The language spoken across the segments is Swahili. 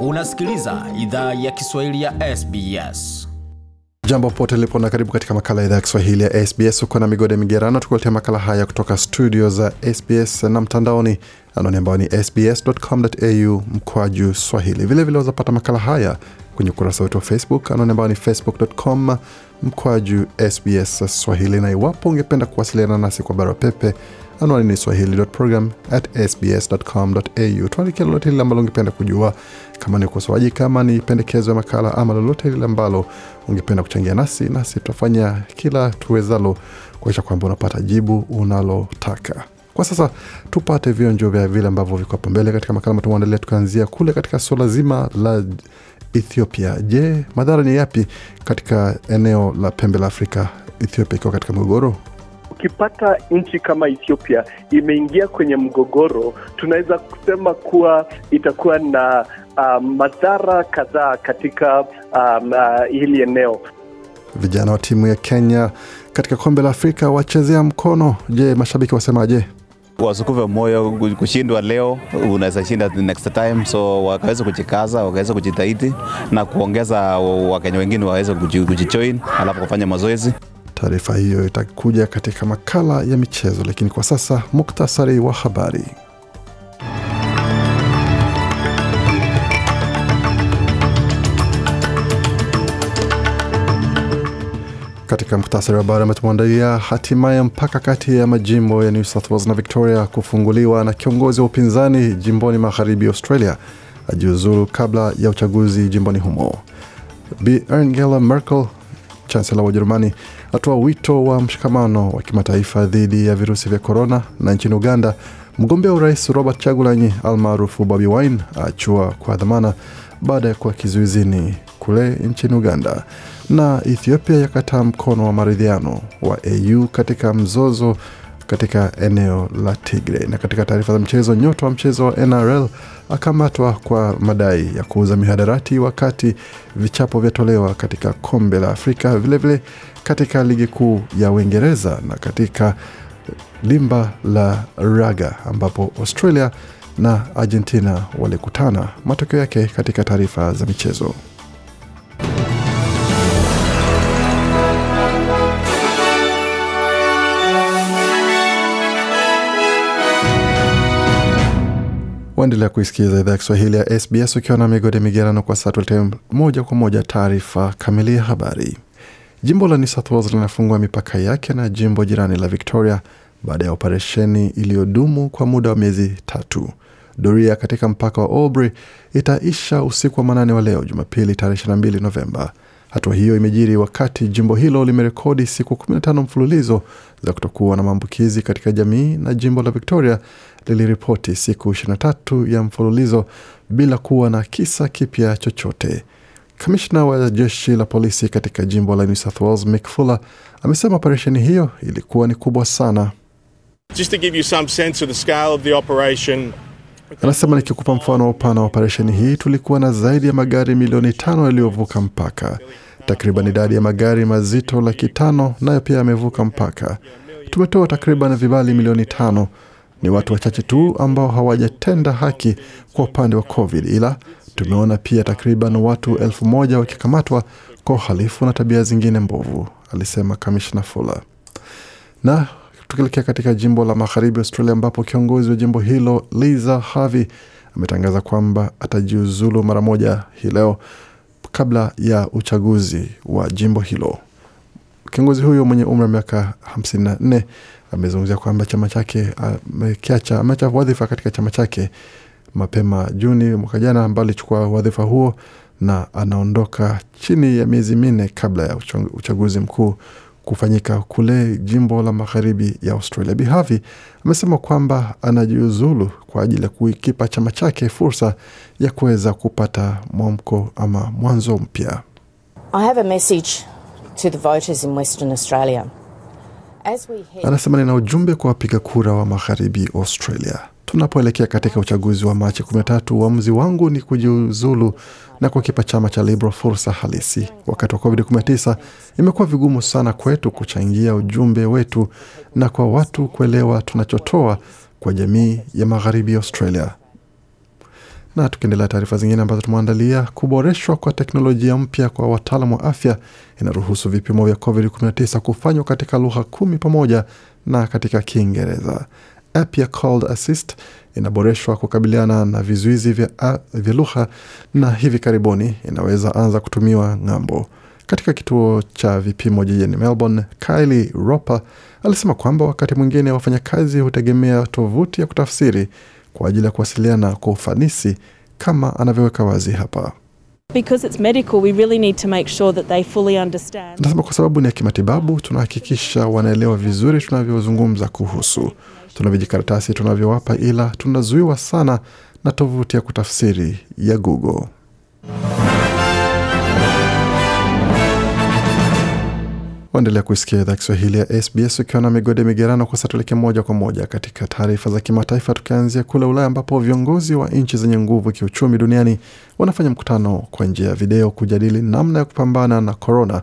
Unasikiliza idhaa ya Kiswahili ya SBS. Jambo pote lipo na karibu katika makala ya idhaa ya Kiswahili ya SBS. Uko na migode migerano, tukuletea makala haya kutoka studio za SBS na mtandaoni, anwani ambao ni sbs.com.au mkwaju swahili. Vilevile wazapata makala haya kwenye ukurasa wetu wa Facebook, anwani ambao ni facebook.com mkwaju sbs swahili, na iwapo ungependa kuwasiliana nasi kwa barua pepe anwani ni swahili.program at sbs.com.au. Tuandikia lolote lile ambalo ungependa kujua, kama ni ukosoaji, kama ni pendekezo ya makala, ama lolote lile ambalo ungependa kuchangia nasi, nasi tutafanya kila tuwezalo kuakisha kwamba unapata jibu unalotaka. Kwa sasa tupate vionjo vya vile ambavyo viko hapo mbele katika makala matuandalia, tukaanzia kule katika suala zima la Ethiopia. Je, madhara ni yapi katika eneo la pembe la Afrika, Ethiopia ikiwa katika mgogoro? ukipata nchi kama Ethiopia imeingia kwenye mgogoro, tunaweza kusema kuwa itakuwa na uh, madhara kadhaa katika um, uh, hili eneo. Vijana wa timu ya Kenya katika kombe la Afrika wachezea mkono. Je, mashabiki wasemaje? Wasukuve moyo, kushindwa leo unaweza shinda next time, so wakaweza kujikaza, wakaweza kujitahidi na kuongeza Wakenya wengine waweze kujijoin, alafu kufanya mazoezi. Taarifa hiyo itakuja katika makala ya michezo, lakini kwa sasa muktasari wa habari. Katika mktasari wa habari ametuandalia, hatimaye mpaka kati ya majimbo ya New South Wales na Victoria kufunguliwa, na kiongozi wa upinzani jimboni magharibi Australia ajiuzuru kabla ya uchaguzi jimboni humo. Bi Angela Merkel, chancela wa Ujerumani atoa wito wa mshikamano wa kimataifa dhidi ya virusi vya korona. Na nchini Uganda, mgombea urais Robert Chagulanyi almaarufu Bobi Wine achua kwa dhamana baada ya kuwa kizuizini kule nchini Uganda. Na Ethiopia yakataa mkono wa maridhiano wa AU katika mzozo katika eneo la Tigre. Na katika taarifa za mchezo, nyota wa mchezo wa NRL akamatwa kwa madai ya kuuza mihadarati wakati vichapo vyatolewa katika kombe la Afrika. Vilevile vile, katika ligi kuu ya Uingereza na katika limba la raga ambapo Australia na Argentina walikutana. Matokeo yake katika taarifa za michezo. Waendelea kuisikiliza idhaa ya Kiswahili ya SBS ukiwa na migode migerano. Kwa sasa tuletee moja kwa moja taarifa kamili ya habari. Jimbo la New South Wales linafungua mipaka yake na jimbo jirani la Victoria baada ya operesheni iliyodumu kwa muda wa miezi tatu. Doria katika mpaka wa Albury itaisha usiku wa manane wa leo Jumapili tarehe 22 Novemba. Hatua hiyo imejiri wakati jimbo hilo limerekodi siku 15 mfululizo za kutokuwa na maambukizi katika jamii, na jimbo la Victoria liliripoti siku 23 ya mfululizo bila kuwa na kisa kipya chochote. Kamishna wa jeshi la polisi katika jimbo la New South Wales Mick Fuller amesema operesheni hiyo ilikuwa ni kubwa sana. Anasema, nikikupa mfano wa upana wa operesheni hii, tulikuwa na zaidi ya magari milioni tano yaliyovuka mpaka, takriban idadi ya magari mazito laki tano nayo pia yamevuka mpaka. Tumetoa takriban vibali milioni tano. Ni watu wachache tu ambao hawajatenda haki kwa upande wa COVID, ila Tumeona pia takriban watu elfu moja wakikamatwa kwa uhalifu na tabia zingine mbovu, alisema kamishna Fuller. Na tukielekea katika jimbo la magharibi Australia, ambapo kiongozi wa jimbo hilo Liza Harvey ametangaza kwamba atajiuzulu mara moja hii leo kabla ya uchaguzi wa jimbo hilo. Kiongozi huyo mwenye umri wa miaka 54 amezungumzia kwamba chama chake amekiacha, ameacha wadhifa katika chama chake mapema Juni mwaka jana, ambayo alichukua wadhifa huo na anaondoka chini ya miezi minne kabla ya uchaguzi mkuu kufanyika kule jimbo la magharibi ya Australia. Bihavi amesema kwamba anajiuzulu kwa ajili ya kuikipa chama chake fursa ya kuweza kupata mwamko ama mwanzo mpya. Anasema nina ujumbe kwa wapiga kura wa magharibi Australia tunapoelekea katika uchaguzi wa Machi 13. Uamuzi wangu ni kujiuzulu na kukipa chama cha Liberal fursa halisi. Wakati wa COVID-19 imekuwa vigumu sana kwetu kuchangia ujumbe wetu na kwa watu kuelewa tunachotoa kwa jamii ya magharibi ya Australia. Na tukiendelea, taarifa zingine ambazo tumeandalia: kuboreshwa kwa teknolojia mpya kwa wataalam wa afya inaruhusu vipimo vya COVID-19 kufanywa katika lugha kumi pamoja na katika Kiingereza app ya Assist inaboreshwa kukabiliana na vizuizi vya, vya lugha na hivi karibuni inaweza anza kutumiwa ng'ambo. Katika kituo cha vipimo jijini Melbourne, Kylie Roper alisema kwamba wakati mwingine wafanyakazi hutegemea tovuti ya kutafsiri kwa ajili ya kuwasiliana kwa ufanisi, kama anavyoweka wazi hapa. Nasema kwa sababu ni ya kimatibabu, tunahakikisha wanaelewa vizuri tunavyozungumza kuhusu tuna vijikaratasi tunavyowapa, ila tunazuiwa sana na tovuti ya kutafsiri ya Google. Waendelea kuisikia idhaa Kiswahili ya SBS ukiwa na migode migerano. Kwa sasa moja kwa moja katika taarifa za kimataifa, tukianzia kule Ulaya ambapo viongozi wa nchi zenye nguvu kiuchumi duniani wanafanya mkutano kwa njia ya video kujadili namna ya kupambana na korona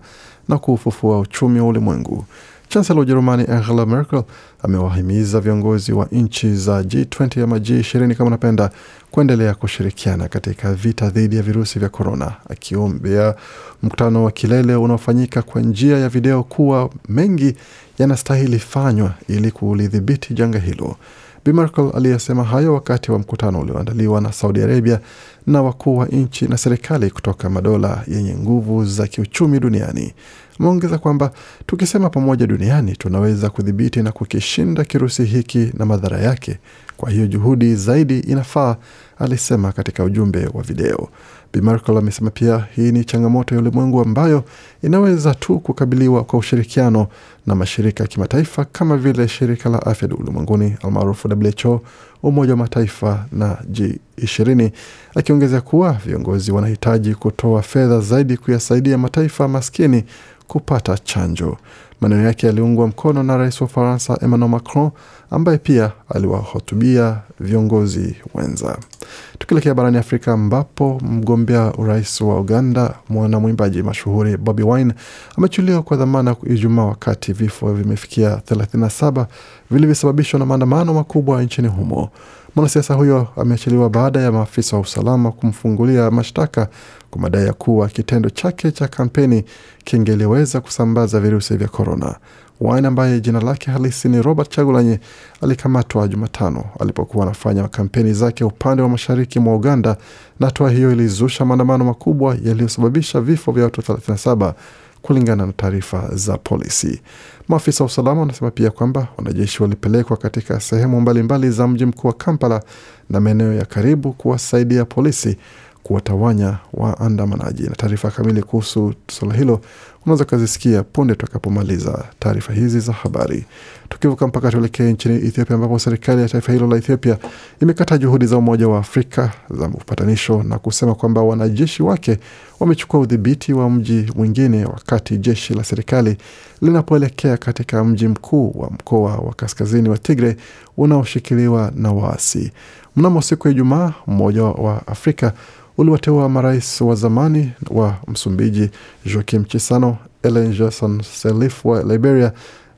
na kuufufua uchumi wa ulimwengu. Chancellor wa Ujerumani Angela Merkel amewahimiza viongozi wa nchi za G20 ama G20 kama unapenda kuendelea kushirikiana katika vita dhidi ya virusi vya korona, akiombea mkutano wa kilele unaofanyika kwa njia ya video kuwa mengi yanastahili fanywa ili kulidhibiti janga hilo. Bi Merkel aliyesema hayo wakati wa mkutano ulioandaliwa na Saudi Arabia na wakuu wa nchi na serikali kutoka madola yenye nguvu za kiuchumi duniani. Ameongeza kwamba tukisema pamoja duniani tunaweza kudhibiti na kukishinda kirusi hiki na madhara yake, kwa hiyo juhudi zaidi inafaa, alisema katika ujumbe wa video. Bi Merkel amesema pia hii ni changamoto ya ulimwengu ambayo inaweza tu kukabiliwa kwa ushirikiano na mashirika ya kimataifa kama vile shirika la afya ulimwenguni almaarufu WHO Umoja wa Mataifa na G20, akiongeza kuwa viongozi wanahitaji kutoa fedha zaidi kuyasaidia mataifa maskini kupata chanjo. Maneno yake yaliungwa mkono na rais wa Faransa Emmanuel Macron ambaye pia aliwahutubia viongozi wenza. Tukielekea barani Afrika ambapo mgombea urais wa Uganda mwana mwimbaji mashuhuri Bobi Wine amechuliwa kwa dhamana Ijumaa wakati vifo vimefikia 37 vilivyosababishwa na maandamano makubwa nchini humo. Mwanasiasa huyo ameachiliwa baada ya maafisa wa usalama kumfungulia mashtaka kwa madai ya kuwa kitendo chake cha kampeni kingeliweza kusambaza virusi vya korona. Wine ambaye jina lake halisi ni Robert Chagulanyi alikamatwa Jumatano alipokuwa anafanya kampeni zake upande wa mashariki mwa Uganda, na hatua hiyo ilizusha maandamano makubwa yaliyosababisha vifo vya watu 37 kulingana na taarifa za polisi. Maafisa wa usalama wanasema pia kwamba wanajeshi walipelekwa katika sehemu mbalimbali mbali za mji mkuu wa Kampala na maeneo ya karibu kuwasaidia polisi kuwatawanya waandamanaji. Na taarifa kamili kuhusu suala hilo unaweza ukazisikia punde tutakapomaliza taarifa hizi za habari. Tukivuka mpaka tuelekee nchini Ethiopia, ambapo serikali ya taifa hilo la Ethiopia imekata juhudi za Umoja wa Afrika za upatanisho na kusema kwamba wanajeshi wake wamechukua udhibiti wa mji mwingine, wakati jeshi la serikali linapoelekea katika mji mkuu wa mkoa wa kaskazini wa Tigre unaoshikiliwa na waasi. Mnamo siku ya Ijumaa, Umoja wa Afrika uliwateua marais wa zamani wa Msumbiji Joaquim Chissano, Ellen Johnson Sirleaf wa Liberia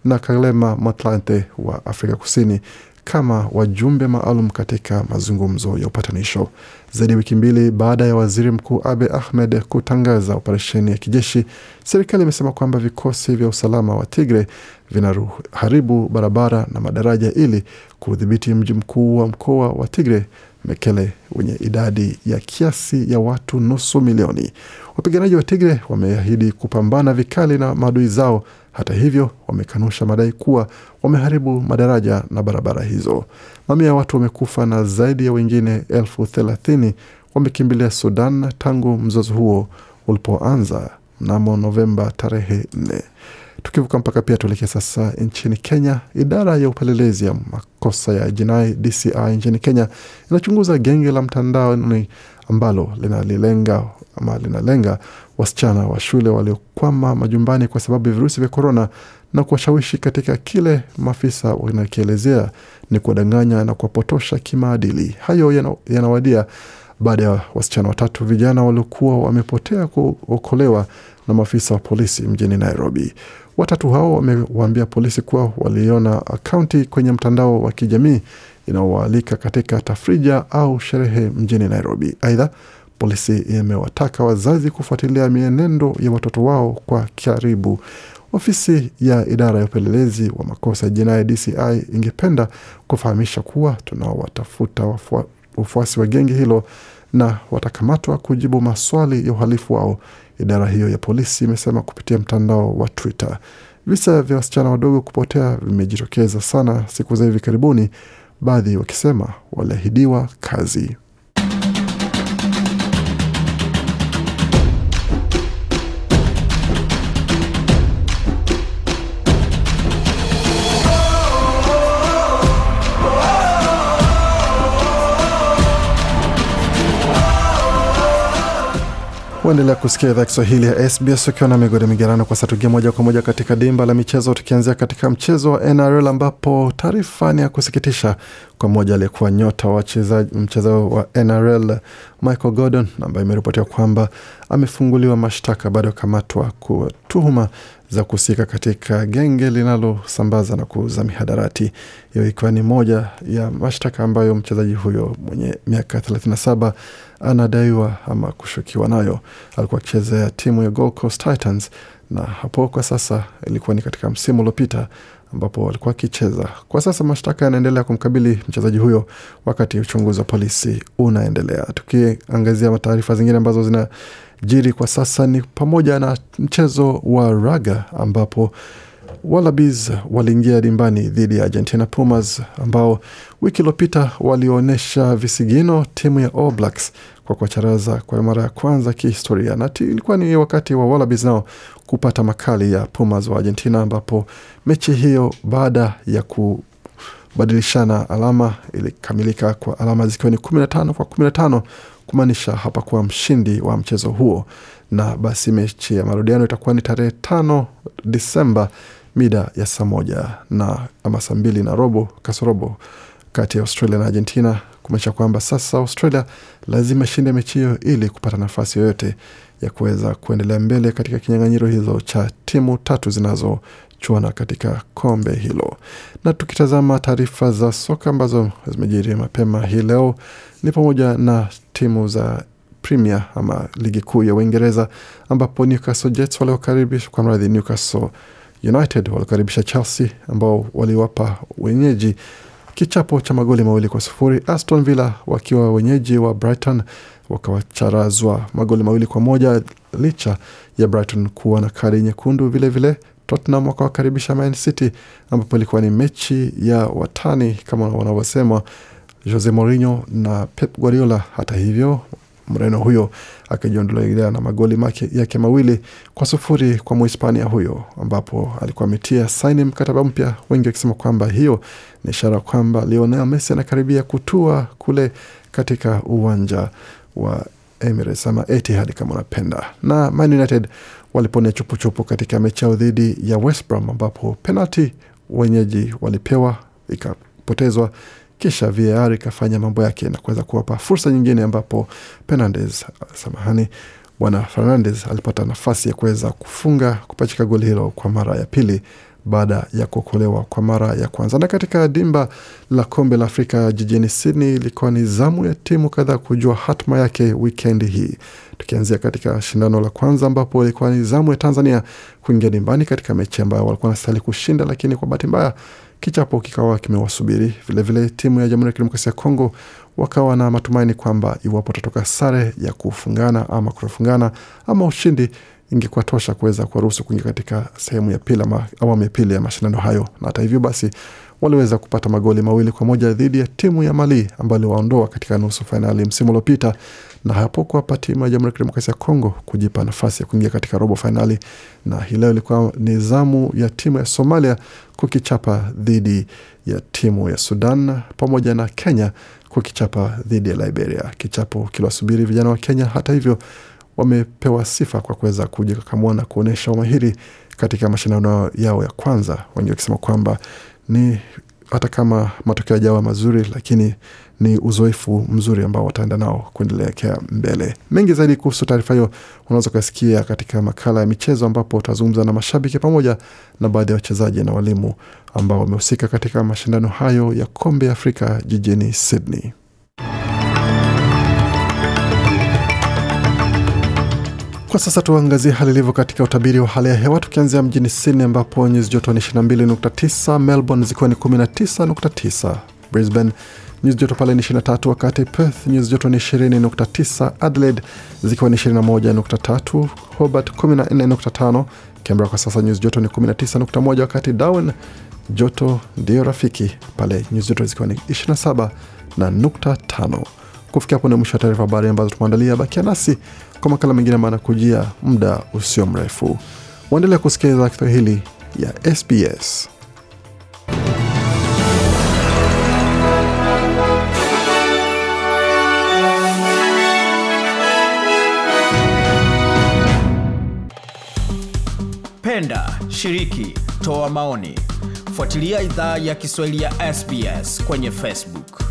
na Kgalema Motlanthe wa Afrika Kusini kama wajumbe maalum katika mazungumzo ya upatanisho. Zaidi ya wiki mbili baada ya waziri mkuu Abe Ahmed kutangaza operesheni ya kijeshi, serikali imesema kwamba vikosi vya usalama wa Tigre vinaharibu barabara na madaraja ili kudhibiti mji mkuu wa mkoa wa Tigre, Mekele wenye idadi ya kiasi ya watu nusu milioni. Wapiganaji wa Tigre wameahidi kupambana vikali na maadui zao. Hata hivyo, wamekanusha madai kuwa wameharibu madaraja na barabara hizo. Mamia ya watu wamekufa na zaidi ya wengine elfu thelathini wamekimbilia Sudan tangu mzozo huo ulipoanza mnamo Novemba tarehe 4. Tukivuka mpaka pia tuelekee sasa nchini Kenya. Idara ya upelelezi ya makosa ya jinai DCI nchini Kenya inachunguza genge la mtandaoni ambalo linalilenga ama linalenga wasichana wa shule waliokwama majumbani kwa sababu ya virusi vya korona na kuwashawishi katika kile maafisa wanakielezea ni kuwadanganya na kuwapotosha kimaadili. Hayo yanawadia baada ya wasichana watatu vijana waliokuwa wamepotea kuokolewa na maafisa wa polisi mjini Nairobi. Watatu hao wamewaambia polisi kuwa waliona akaunti kwenye mtandao wa kijamii inaowaalika katika tafrija au sherehe mjini Nairobi. Aidha, polisi imewataka wazazi kufuatilia mienendo ya watoto wao kwa karibu. Ofisi ya idara ya upelelezi wa makosa ya jinai DCI ingependa kufahamisha kuwa tunawatafuta wafuasi wa gengi hilo na watakamatwa kujibu maswali ya uhalifu wao Idara hiyo ya polisi imesema kupitia mtandao wa Twitter. Visa vya wasichana wadogo kupotea vimejitokeza sana siku za hivi karibuni, baadhi wakisema waliahidiwa kazi. Waendelea kusikia idhaa Kiswahili ya SBS ukiwa na migodi migerano. Kwa satugia moja kwa moja katika dimba la michezo, tukianzia katika mchezo wa NRL ambapo taarifa ni ya kusikitisha kwa mmoja aliyekuwa nyota wa mchezo wa NRL Michael Gordon ambaye imeripotiwa kwamba amefunguliwa mashtaka baada ya kukamatwa kwa tuhuma za kuhusika katika genge linalosambaza na kuuza mihadarati, hiyo ikiwa ni moja ya mashtaka ambayo mchezaji huyo mwenye miaka 37 anadaiwa ama kushukiwa nayo. Alikuwa akichezea timu ya Gold Coast Titans na hapo kwa sasa ilikuwa ni katika msimu uliopita ambapo walikuwa wakicheza. Kwa sasa mashtaka yanaendelea kumkabili mchezaji huyo wakati uchunguzi wa polisi unaendelea. Tukiangazia taarifa zingine ambazo zina jiri kwa sasa ni pamoja na mchezo wa raga ambapo Wallabies waliingia dimbani dhidi ya Argentina Pumas ambao wiki iliyopita walionyesha visigino timu ya All Blacks kwa kuwacharaza kwa mara ya kwanza kihistoria, na ilikuwa ni wakati wa Wallabies nao kupata makali ya Pumas wa Argentina, ambapo mechi hiyo baada ya ku badilishana alama ilikamilika kwa alama zikiwa ni 15 kwa 15, kumaanisha hapakuwa mshindi wa mchezo huo, na basi mechi ya marudiano itakuwa ni tarehe tano Disemba mida ya saa moja na ama saa mbili na robo kasorobo kati ya Australia na Argentina, kumaanisha kwamba sasa Australia lazima shinde mechi hiyo ili kupata nafasi yoyote ya kuweza kuendelea mbele katika kinyang'anyiro hizo cha timu tatu zinazochuana katika kombe hilo. Na tukitazama taarifa za soka ambazo zimejiri mapema hii leo ni pamoja na timu za Premier ama ligi kuu ya Uingereza ambapo Newcastle Jets waliokaribishwa kwa mradhi Newcastle United walikaribisha Chelsea ambao waliwapa wenyeji kichapo cha magoli mawili kwa sufuri. Aston Villa wakiwa wenyeji wa Brighton wakawacharazwa magoli mawili kwa moja licha ya Brighton kuwa na kadi nyekundu. Vilevile vile, Tottenham wakawakaribisha Man City ambapo ilikuwa ni mechi ya watani kama wanavyosema Jose Mourinho na Pep Guardiola. Hata hivyo Mreno huyo akijiondolelia na magoli make, yake mawili kwa sufuri kwa Muhispania huyo, ambapo alikuwa ametia saini mkataba mpya, wengi wakisema kwamba hiyo ni ishara kwamba Lionel Messi anakaribia kutua kule katika uwanja wa Emirates ama Etihad kama unapenda. Na Man United waliponia chupuchupu katika mechi yao dhidi ya West Brom ambapo penalti wenyeji walipewa ikapotezwa kisha VAR ikafanya mambo yake na kuweza kuwapa fursa nyingine, ambapo Fernandez, samahani, bwana Fernandez alipata nafasi ya kuweza kufunga kupachika goli hilo kwa mara ya pili baada ya kuokolewa kwa mara ya kwanza. Na katika dimba la kombe la Afrika jijini Sydney, ilikuwa ni zamu ya timu kadhaa kujua hatma yake wikendi hii, tukianzia katika shindano la kwanza, ambapo ilikuwa ni zamu ya Tanzania kuingia dimbani katika mechi ambayo walikuwa wanastahili kushinda, lakini kwa bahati mbaya kichapo kikawa kimewasubiri vilevile. Timu ya Jamhuri ya Kidemokrasia ya Kongo wakawa na matumaini kwamba iwapo atatoka sare ya kufungana ama kutofungana ama ushindi ingekuwa tosha kuweza kuwaruhusu kuingia katika sehemu ya pili ama awamu ya pili ya mashindano hayo, na hata hivyo basi waliweza kupata magoli mawili kwa moja dhidi ya timu ya Mali ambayo iliwaondoa katika nusu fainali msimu uliopita na hapo kuwapa timu ya Jamhuri ya Kidemokrasia ya Kongo kujipa nafasi ya kuingia katika robo fainali. Na hii leo ilikuwa ni zamu ya timu ya Somalia kukichapa dhidi ya timu ya Sudan pamoja na Kenya kukichapa dhidi ya Liberia, kichapo kiliwasubiri vijana wa Kenya. Hata hivyo wamepewa sifa kwa kuweza kujikakamua na kuonyesha umahiri katika mashindano yao ya kwanza, wengi wakisema kwamba ni hata kama matokeo yajawa mazuri, lakini ni uzoefu mzuri ambao wataenda nao kuendelekea mbele. Mengi zaidi kuhusu taarifa hiyo unaweza ukasikia katika makala ya michezo, ambapo utazungumza na mashabiki pamoja na baadhi ya wachezaji na walimu ambao wamehusika katika mashindano hayo ya kombe ya Afrika jijini Sydney. Kwa sasa tuangazie hali ilivyo katika utabiri wa hali ya hewa, tukianzia mjini Sydney ambapo nyuzi joto ni 22.9, Melbourne zikiwa ni 19.9, Brisbane nyuzi joto pale ni 23, wakati Perth nyuzi joto ni 20.9, Adelaide zikiwa ni 21.3, Hobart 14.5, Canberra kwa sasa nyuzi joto ni 19.1, wakati Darwin joto ndiyo rafiki pale nyuzi joto zikiwa ni 27 na nukta tano. Kufikia hapo ni mwisho wa taarifa habari ambazo tumeandalia. Bakia nasi kwa makala mengine, maana kujia muda usio mrefu. Waendelea kusikiliza Kiswahili ya SBS. Penda, shiriki, toa maoni. Fuatilia idhaa ya Kiswahili ya SBS kwenye Facebook.